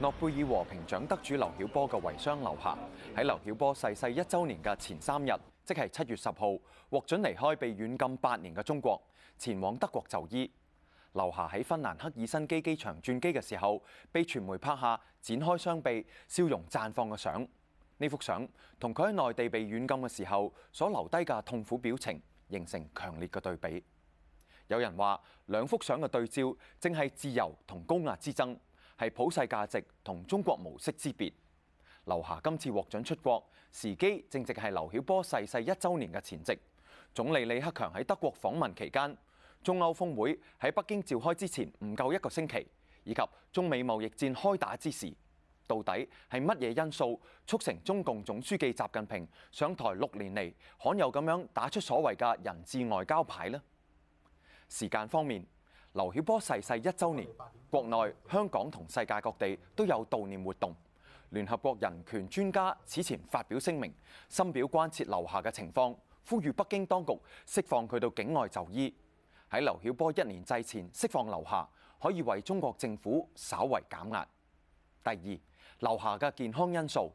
諾貝爾和平獎得主劉曉波嘅遺孀劉霞，喺劉曉波逝世一周年嘅前三日，即係七月十號，獲准離開被軟禁八年嘅中國，前往德國就醫。劉霞喺芬蘭赫爾辛基機場轉機嘅時候，被傳媒拍下展開雙臂、笑容綻放嘅相。呢幅相同佢喺內地被軟禁嘅時候所留低嘅痛苦表情，形成強烈嘅對比。有人話兩幅相嘅對照，正係自由同高壓之爭，係普世價值同中國模式之別。劉霞今次獲准出國時機，正正係劉曉波逝世一週年嘅前夕。總理李克強喺德國訪問期間，中歐峰會喺北京召開之前唔夠一個星期，以及中美貿易戰開打之時。到底係乜嘢因素促成中共總書記習近平上台六年嚟罕有咁樣打出所謂嘅人質外交牌呢？時間方面，劉曉波逝世一週年，國內、香港同世界各地都有悼念活動。聯合國人權專家此前發表聲明，深表關切劉霞嘅情況，呼籲北京當局釋放佢到境外就醫。喺劉曉波一年祭前釋放劉霞，可以為中國政府稍為減壓。第二。劉霞嘅健康因素，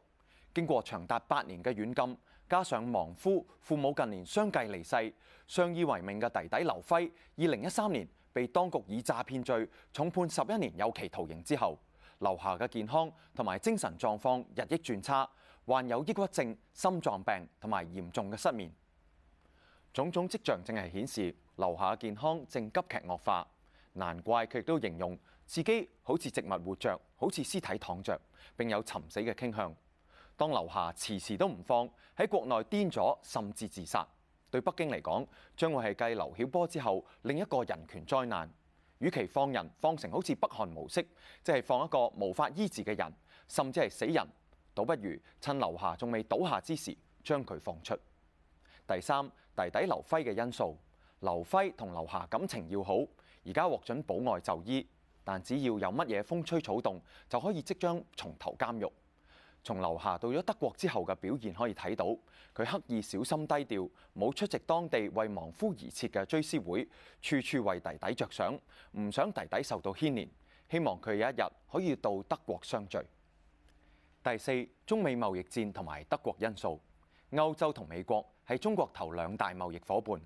經過長達八年嘅軟禁，加上亡夫父母近年相繼離世，相依為命嘅弟弟劉輝，二零一三年被當局以詐騙罪重判十一年有期徒刑之後，劉霞嘅健康同埋精神狀況日益轉差，患有抑鬱症、心臟病同埋嚴重嘅失眠，種種跡象正係顯示劉霞嘅健康正急劇惡化。難怪佢亦都形容自己好似植物活着，好似屍體躺着，並有尋死嘅傾向。當劉霞遲遲都唔放，喺國內癲咗，甚至自殺，對北京嚟講，將會係繼劉曉波之後另一個人權災難。與其放人放成好似北韓模式，即係放一個無法醫治嘅人，甚至係死人，倒不如趁劉霞仲未倒下之時將佢放出。第三，弟弟劉輝嘅因素，劉輝同劉霞感情要好。而家獲准保外就醫，但只要有乜嘢風吹草動，就可以即將重投監獄。從劉霞到咗德國之後嘅表現可以睇到，佢刻意小心低調，冇出席當地為亡夫而設嘅追思會，處處為弟弟着想，唔想弟弟受到牽連，希望佢有一日可以到德國相聚。第四，中美貿易戰同埋德國因素，歐洲同美國係中國頭兩大貿易伙伴，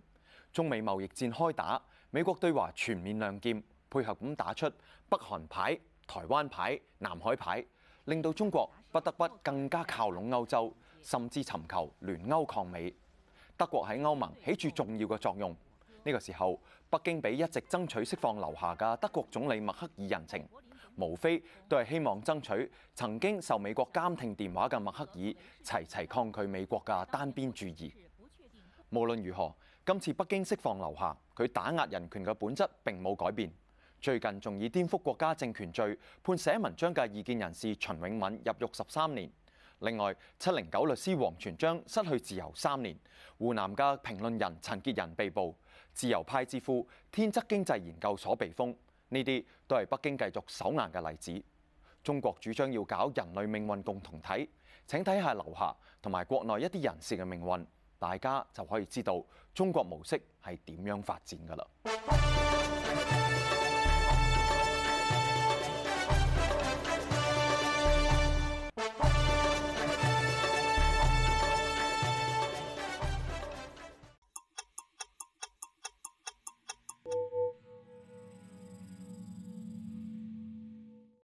中美貿易戰開打。美國對華全面亮劍，配合咁打出北韓牌、台灣牌、南海牌，令到中國不得不更加靠攏歐洲，甚至尋求聯歐抗美。德國喺歐盟起住重要嘅作用。呢個時候，北京俾一直爭取釋放劉霞嘅德國總理默克爾人情，無非都係希望爭取曾經受美國監聽電話嘅默克爾齊齊齊抗拒美國嘅單邊主義。無論如何，今次北京釋放劉霞，佢打壓人權嘅本質並冇改變。最近仲以顛覆國家政權罪判寫文章嘅異見人士秦永敏入獄十三年。另外，七零九律師王全璋失去自由三年。湖南嘅評論人陳潔人被捕，自由派之父天則經濟研究所被封。呢啲都係北京繼續手硬嘅例子。中國主張要搞人類命運共同體，請睇下劉霞同埋國內一啲人士嘅命運。大家就可以知道中國模式係點樣發展㗎啦。